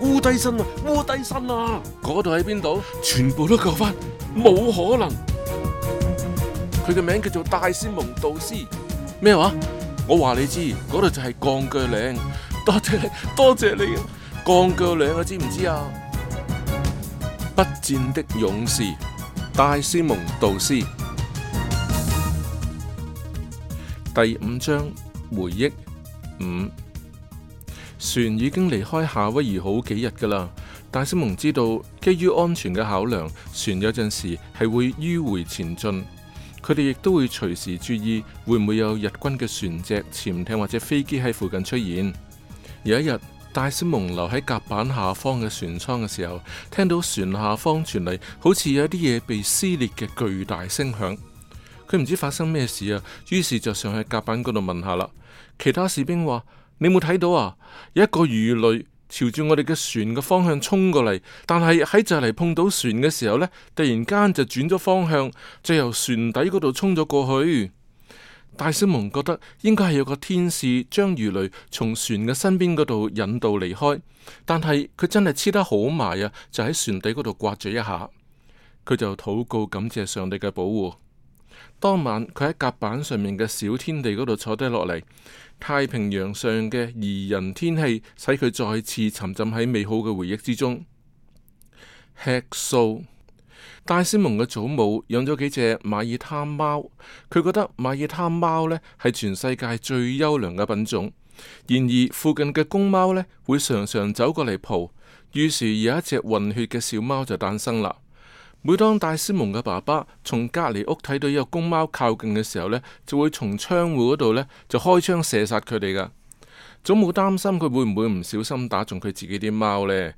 烏低身啊，烏低身啊！嗰度喺邊度？全部都救翻，冇可能。佢嘅名叫做戴斯蒙杜斯，咩話？我話你知，嗰度就係鋼鋸嶺。多謝你，多謝你，啊，鋼鋸嶺啊，知唔知啊？不戰的勇士，戴斯蒙杜斯第五章回憶五。船已經離開夏威夷好幾日噶啦，戴斯蒙知道基於安全嘅考量，船有陣時係會迂回前進。佢哋亦都會隨時注意會唔會有日軍嘅船隻、潛艇或者飛機喺附近出現。有一日，戴斯蒙留喺甲板下方嘅船艙嘅時候，聽到船下方傳嚟好似有一啲嘢被撕裂嘅巨大聲響。佢唔知發生咩事啊，於是就上去甲板嗰度問下啦。其他士兵話：你冇睇到啊？有一個魚雷朝住我哋嘅船嘅方向衝過嚟，但係喺就嚟碰到船嘅時候呢，突然間就轉咗方向，就由船底嗰度衝咗過去。戴斯蒙覺得應該係有個天使將魚雷從船嘅身邊嗰度引導離開，但係佢真係黐得好埋啊，就喺船底嗰度刮咗一下，佢就禱告感謝上帝嘅保護。當晚佢喺甲板上面嘅小天地嗰度坐低落嚟，太平洋上嘅宜人天氣使佢再次沉浸喺美好嘅回憶之中。吃素，戴斯蒙嘅祖母養咗幾隻馬爾他貓，佢覺得馬爾他貓呢係全世界最優良嘅品種。然而附近嘅公貓呢會常常走過嚟撲，於是有一隻混血嘅小貓就誕生啦。每當戴斯蒙嘅爸爸從隔籬屋睇到有公貓靠近嘅時候呢，就會從窗戶嗰度呢就開槍射殺佢哋噶。祖母擔心佢會唔會唔小心打中佢自己啲貓呢？然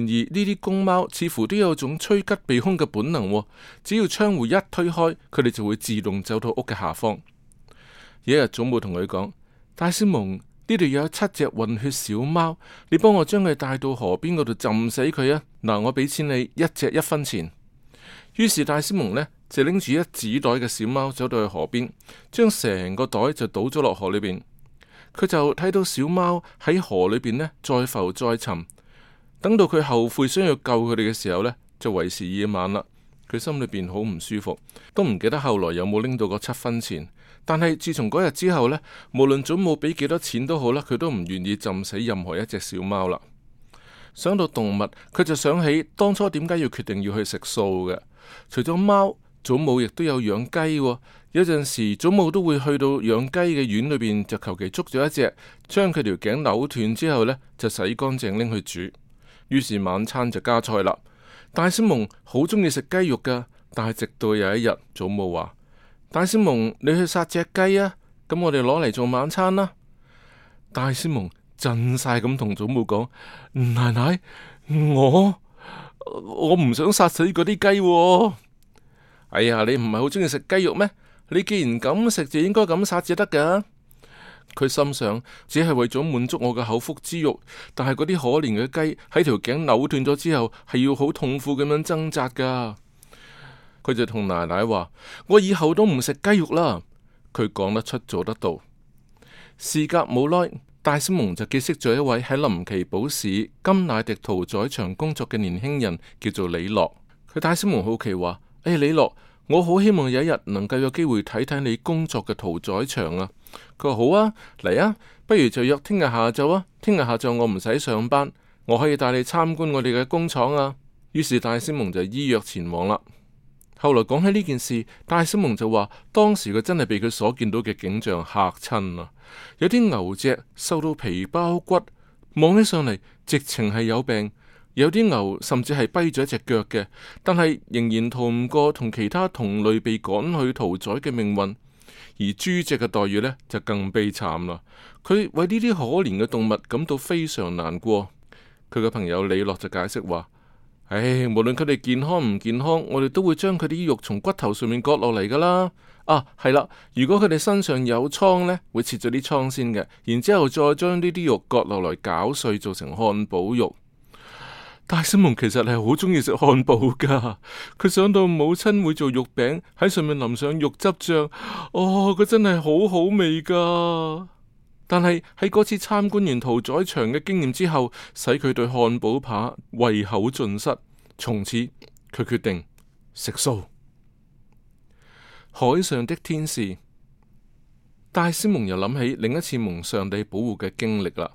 而呢啲公貓似乎都有種趨吉避凶嘅本能，哦，只要窗戶一推開，佢哋就會自動走到屋嘅下方。有一日，祖母同佢講：戴斯蒙呢度有七隻混血小貓，你幫我將佢帶到河邊嗰度浸死佢啊！嗱，我俾錢你一隻一分錢。於是戴斯蒙呢就拎住一紙袋嘅小貓，走到去河邊，將成個袋就倒咗落河裏邊。佢就睇到小貓喺河裏邊呢，再浮再沉。等到佢後悔想要救佢哋嘅時候呢，就為時已晚啦。佢心裏邊好唔舒服，都唔記得後來有冇拎到過七分錢。但係自從嗰日之後呢，無論祖母俾幾多錢都好啦，佢都唔願意浸死任何一隻小貓啦。想到動物，佢就想起當初點解要決定要去食素嘅。除咗貓，祖母亦都有養雞喎、哦。有陣時，祖母都會去到養雞嘅院裏邊，就求其捉咗一隻，將佢條頸扭斷之後呢，就洗乾淨拎去煮。於是晚餐就加菜啦。戴斯蒙好鍾意食雞肉噶，但係直到有一日，祖母話：戴斯蒙，你去殺隻雞啊！咁我哋攞嚟做晚餐啦。戴斯蒙，震晒咁同祖母講：奶奶，我我唔想殺死嗰啲雞。哎呀，你唔係好鍾意食雞肉咩？你既然咁食就應該咁殺至得噶。佢心想，只係為咗滿足我嘅口腹之欲，但係嗰啲可憐嘅雞喺條頸扭斷咗之後，係要好痛苦咁樣掙扎噶。佢就同奶奶話：我以後都唔食雞肉啦。佢講得出，做得到。事隔冇耐。戴斯蒙就結識咗一位喺林奇堡市金乃迪屠宰場工作嘅年輕人，叫做李樂。佢戴斯蒙好奇話：誒、哎，李樂，我好希望有一日能夠有機會睇睇你工作嘅屠宰場啊。佢話好啊，嚟啊，不如就約聽日下晝啊。聽日下晝我唔使上班，我可以帶你參觀我哋嘅工廠啊。於是戴斯蒙就依約前往啦。後來講起呢件事，戴斯蒙就話當時佢真係被佢所見到嘅景象嚇親啦。有啲牛隻瘦到皮包骨，望起上嚟直情係有病；有啲牛甚至係跛咗一隻腳嘅，但係仍然逃唔過同其他同類被趕去屠宰嘅命運。而豬隻嘅待遇呢，就更悲慘啦。佢為呢啲可憐嘅動物感到非常難過。佢嘅朋友李樂就解釋話：唉、哎，無論佢哋健康唔健康，我哋都會將佢啲肉從骨頭上面割落嚟噶啦。啊，係啦，如果佢哋身上有瘡呢，會切咗啲瘡先嘅，然之後再將呢啲肉割落嚟攪碎，做成漢堡肉。戴斯蒙其實係好鍾意食漢堡噶，佢想到母親會做肉餅，喺上面淋上肉汁醬，哦，佢真係好好味噶。但係喺嗰次參觀完屠宰場嘅經驗之後，使佢對漢堡扒胃口盡失。從此，佢決定食素。海上的天使，戴斯蒙又諗起另一次蒙上帝保護嘅經歷啦。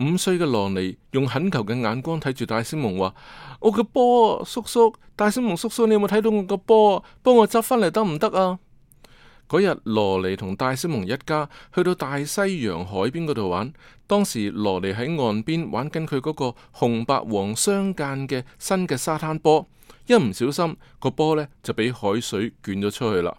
五歲嘅羅尼用懇求嘅眼光睇住戴斯蒙，話： 我嘅波，啊，叔叔，戴斯蒙叔叔，你有冇睇到我個波？幫我執返嚟得唔得啊？嗰日羅尼同戴斯蒙一家去到大西洋海邊嗰度玩，當時羅尼喺岸邊玩緊佢嗰個紅白黃相間嘅新嘅沙灘波，一唔小心個波呢就俾海水捲咗出去啦。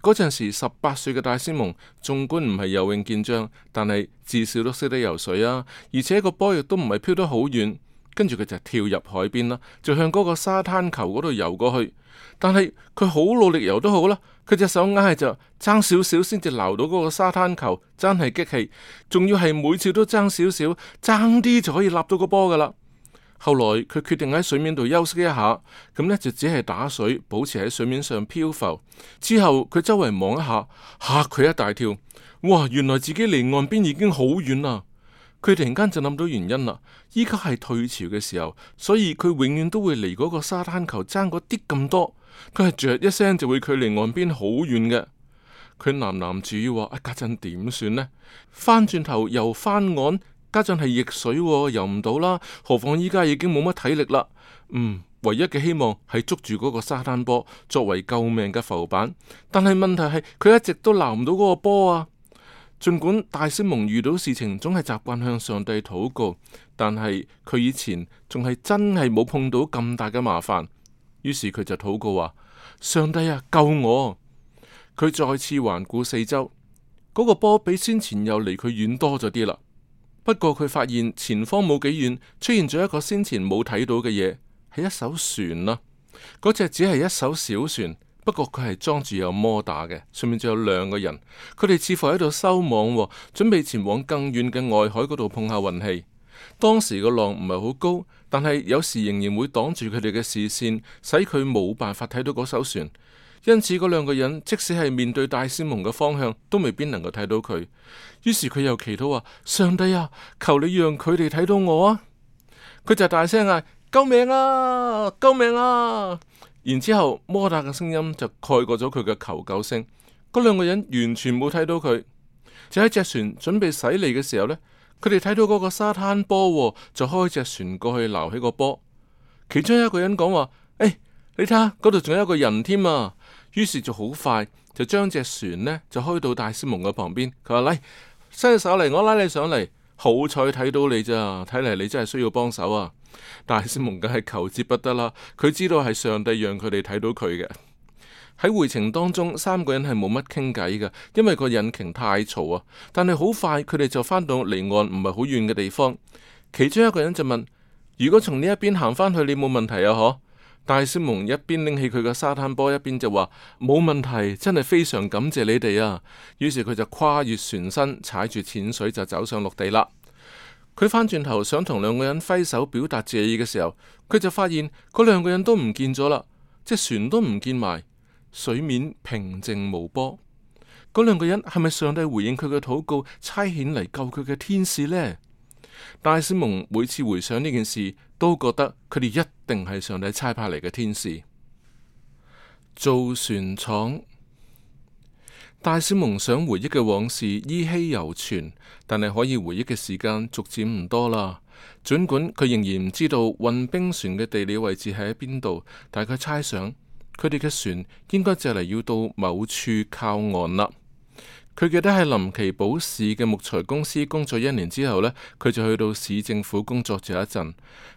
嗰陣時十八歲嘅戴斯蒙，盡管唔係游泳健將，但係至少都識得游水啊，而且個波亦都唔係漂得好遠。跟住佢就跳入海邊啦，就向嗰個沙灘球嗰度游過去。但係佢好努力游都好啦，佢隻手硬係就爭少少先至撈到嗰個沙灘球，真係激氣！仲要係每次都爭少少，爭啲就可以立到個波噶啦。後來佢決定喺水面度休息一下，咁呢就只係打水，保持喺水面上漂浮。之後佢周圍望一下，嚇佢一大跳，哇！原來自己離岸邊已經好遠啦。佢突然間就諗到原因啦，依家係退潮嘅時候，所以佢永遠都會離嗰個沙灘球爭嗰啲咁多，佢係着一聲就會距離岸邊好遠嘅。佢喃喃自語話：啊家陣點算呢？翻轉頭游翻岸，家陣係逆水、哦，游唔到啦。何況依家已經冇乜體力啦。嗯，唯一嘅希望係捉住嗰個沙灘波作為救命嘅浮板，但係問題係佢一直都撈唔到嗰個波啊。盡管戴斯蒙遇到事情總係習慣向上帝禱告，但係佢以前仲係真係冇碰到咁大嘅麻煩，於是佢就禱告話：上帝啊，救我！佢再次環顧四周，嗰、那個波比先前又離佢遠多咗啲啦。不過佢發現前方冇幾遠出現咗一個先前冇睇到嘅嘢，係一艘船啦、啊。嗰隻只係一艘小船。不過佢係裝住有摩打嘅，上面仲有兩個人，佢哋似乎喺度收網，準備前往更遠嘅外海嗰度碰下運氣。當時個浪唔係好高，但係有時仍然會擋住佢哋嘅視線，使佢冇辦法睇到嗰艘船。因此嗰兩個人即使係面對戴斯蒙嘅方向，都未必能夠睇到佢。於是佢又祈禱話：上帝啊，求你讓佢哋睇到我啊！佢就大聲嗌：「救命啊！救命啊！然之後，摩打嘅聲音就蓋過咗佢嘅求救聲。嗰兩個人完全冇睇到佢，就喺隻船準備駛嚟嘅時候呢，佢哋睇到嗰個沙灘波，就開隻船過去撈起個波。其中一個人講話：哎，你睇下嗰度仲有一個人添啊！於是就好快就將隻船呢，就開到戴斯蒙嘅旁邊。佢話：嚟伸隻手嚟，我拉你上嚟。好彩睇到你咋，睇嚟你真係需要幫手啊！大斯蒙梗係求之不得啦，佢知道係上帝讓佢哋睇到佢嘅。喺回程當中，三個人係冇乜傾偈嘅，因為個引擎太嘈啊。但係好快，佢哋就返到離岸唔係好遠嘅地方。其中一個人就問：如果從呢一邊行返去，你冇問題啊？嗬！大斯蒙一邊拎起佢嘅沙灘波，一邊就話：冇問題，真係非常感謝你哋啊！於是佢就跨越船身，踩住淺水就走上陸地啦。佢返轉頭想同兩個人揮手表達謝意嘅時候，佢就發現嗰兩個人都唔見咗啦，隻船都唔見埋，水面平靜無波。嗰兩個人係咪上帝回應佢嘅禱告差遣嚟救佢嘅天使呢？戴斯蒙每次回想呢件事，都覺得佢哋一定係上帝差派嚟嘅天使。造船廠。戴斯蒙想回憶嘅往事依稀猶存，但係可以回憶嘅時間逐漸唔多啦。盡管佢仍然唔知道運兵船嘅地理位置係喺邊度，但係佢猜想佢哋嘅船應該就嚟要到某處靠岸啦。佢記得喺林奇堡市嘅木材公司工作一年之後呢，佢就去到市政府工作咗一陣。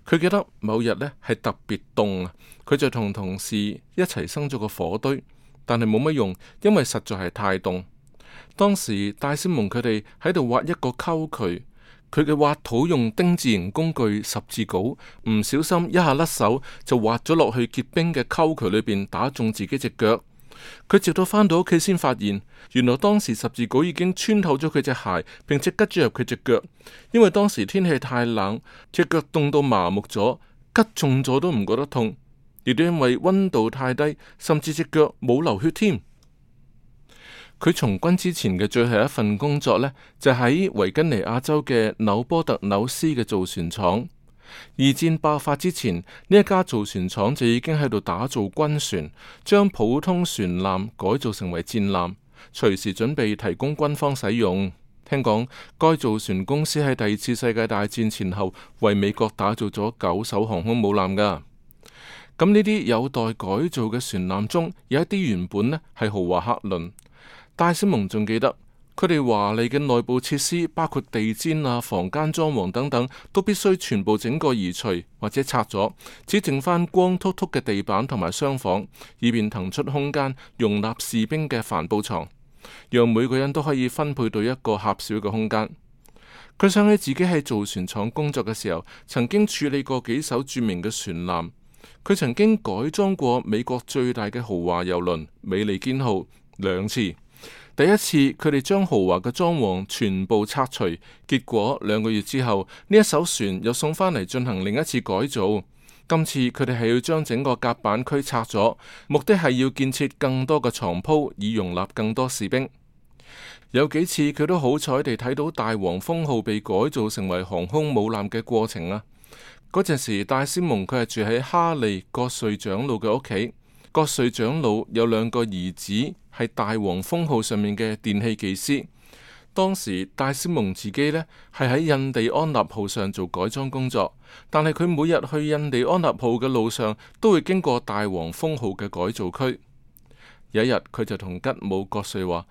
佢記得某日呢，係特別凍啊，佢就同同事一齊生咗個火堆。但係冇乜用，因為實在係太凍。當時戴斯蒙佢哋喺度挖一個溝渠，佢嘅挖土用丁字型工具十字鎬，唔小心一下甩手就挖咗落去結冰嘅溝渠裏邊，打中自己隻腳。佢直到翻到屋企先發現，原來當時十字鎬已經穿透咗佢隻鞋，並且拮住入佢隻腳。因為當時天氣太冷，隻腳凍到麻木咗，拮中咗都唔覺得痛。而都因為溫度太低，甚至隻腳冇流血添。佢從軍之前嘅最後一份工作呢，就喺維根尼亞州嘅紐波特紐斯嘅造船廠。二戰爆發之前，呢一家造船廠就已經喺度打造軍船，將普通船艦改造成為戰艦，隨時準備提供軍方使用。聽講，該造船公司喺第二次世界大戰前後為美國打造咗九艘航空母艦噶。咁呢啲有待改造嘅船艦中，有一啲原本呢，係豪華客輪。戴斯蒙仲記得佢哋華麗嘅內部設施，包括地氈啊、房間裝潢等等，都必須全部整個移除或者拆咗，只剩翻光禿禿嘅地板同埋廂房，以便騰出空間容納士兵嘅帆布床，讓每個人都可以分配到一個狹小嘅空間。佢想起自己喺造船廠工作嘅時候，曾經處理過幾艘著名嘅船艦。佢曾經改裝過美國最大嘅豪華遊輪美利堅號兩次，第一次佢哋將豪華嘅裝潢全部拆除，結果兩個月之後呢，一艘船又送返嚟進行另一次改造。今次佢哋係要將整個甲板區拆咗，目的係要建設更多嘅床鋪，以容納更多士兵。有幾次佢都好彩地睇到大黃蜂號被改造成為航空母艦嘅過程啊！嗰陣時，戴斯蒙佢係住喺哈利葛瑞長老嘅屋企。葛瑞長老有兩個兒子，係大王封號上面嘅電器技師。當時戴斯蒙自己呢，係喺印第安納號上做改裝工作，但係佢每日去印第安納號嘅路上都會經過大王封號嘅改造區。有一日，佢就同吉姆葛瑞話：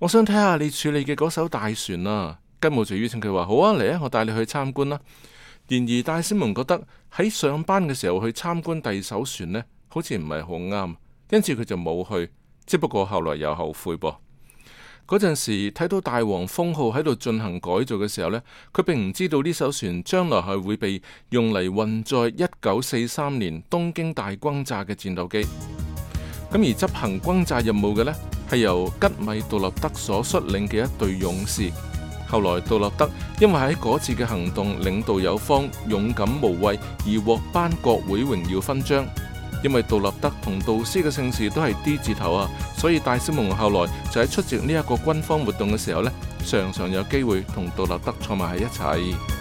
我想睇下你處理嘅嗰艘大船啊！吉姆隨即請佢話：好啊，嚟啊，我帶你去參觀啦。然而，戴斯蒙覺得喺上班嘅時候去參觀第二艘船呢，好似唔係好啱，因此佢就冇去。只不過後來又後悔噃。嗰陣時睇到大黃蜂號喺度進行改造嘅時候呢，佢並唔知道呢艘船將來係會被用嚟運載一九四三年東京大轟炸嘅戰鬥機。咁而執行轟炸任務嘅呢，係由吉米杜立德所率領嘅一隊勇士。後來杜立德因為喺嗰次嘅行動領導有方、勇敢無畏，而獲頒國會榮耀勳章。因為杜立德同杜斯嘅姓氏都係 D 字頭啊，所以戴斯蒙後來就喺出席呢一個軍方活動嘅時候呢，常常有機會同杜立德坐埋喺一齊。